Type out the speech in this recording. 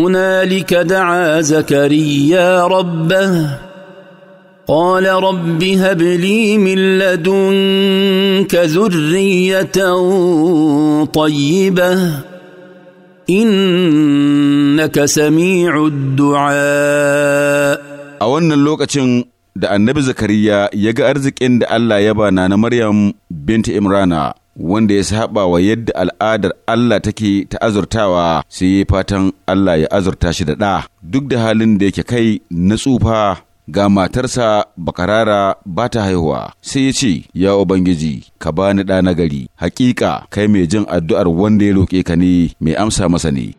هنالك دعا زكريا ربه قال رب هب لي من لدنك ذريه طيبه innaka sami'ud du'a a wannan lokacin da annabi zakariya ya ga arzikin da Allah ya bana na Maryam binta Imrana wanda ya saba wa yadda al'adar Allah take ta azurtawa sai ya fatan Allah ya azurta shi da ɗa duk da halin da yake kai na tsufa ga matarsa bakarara ba ta haihuwa sai ya ce ya ubangiji ka bani ɗa nagari Haƙiƙa, kai mai jin addu'ar wanda ya roƙe ka ne mai amsa masa ne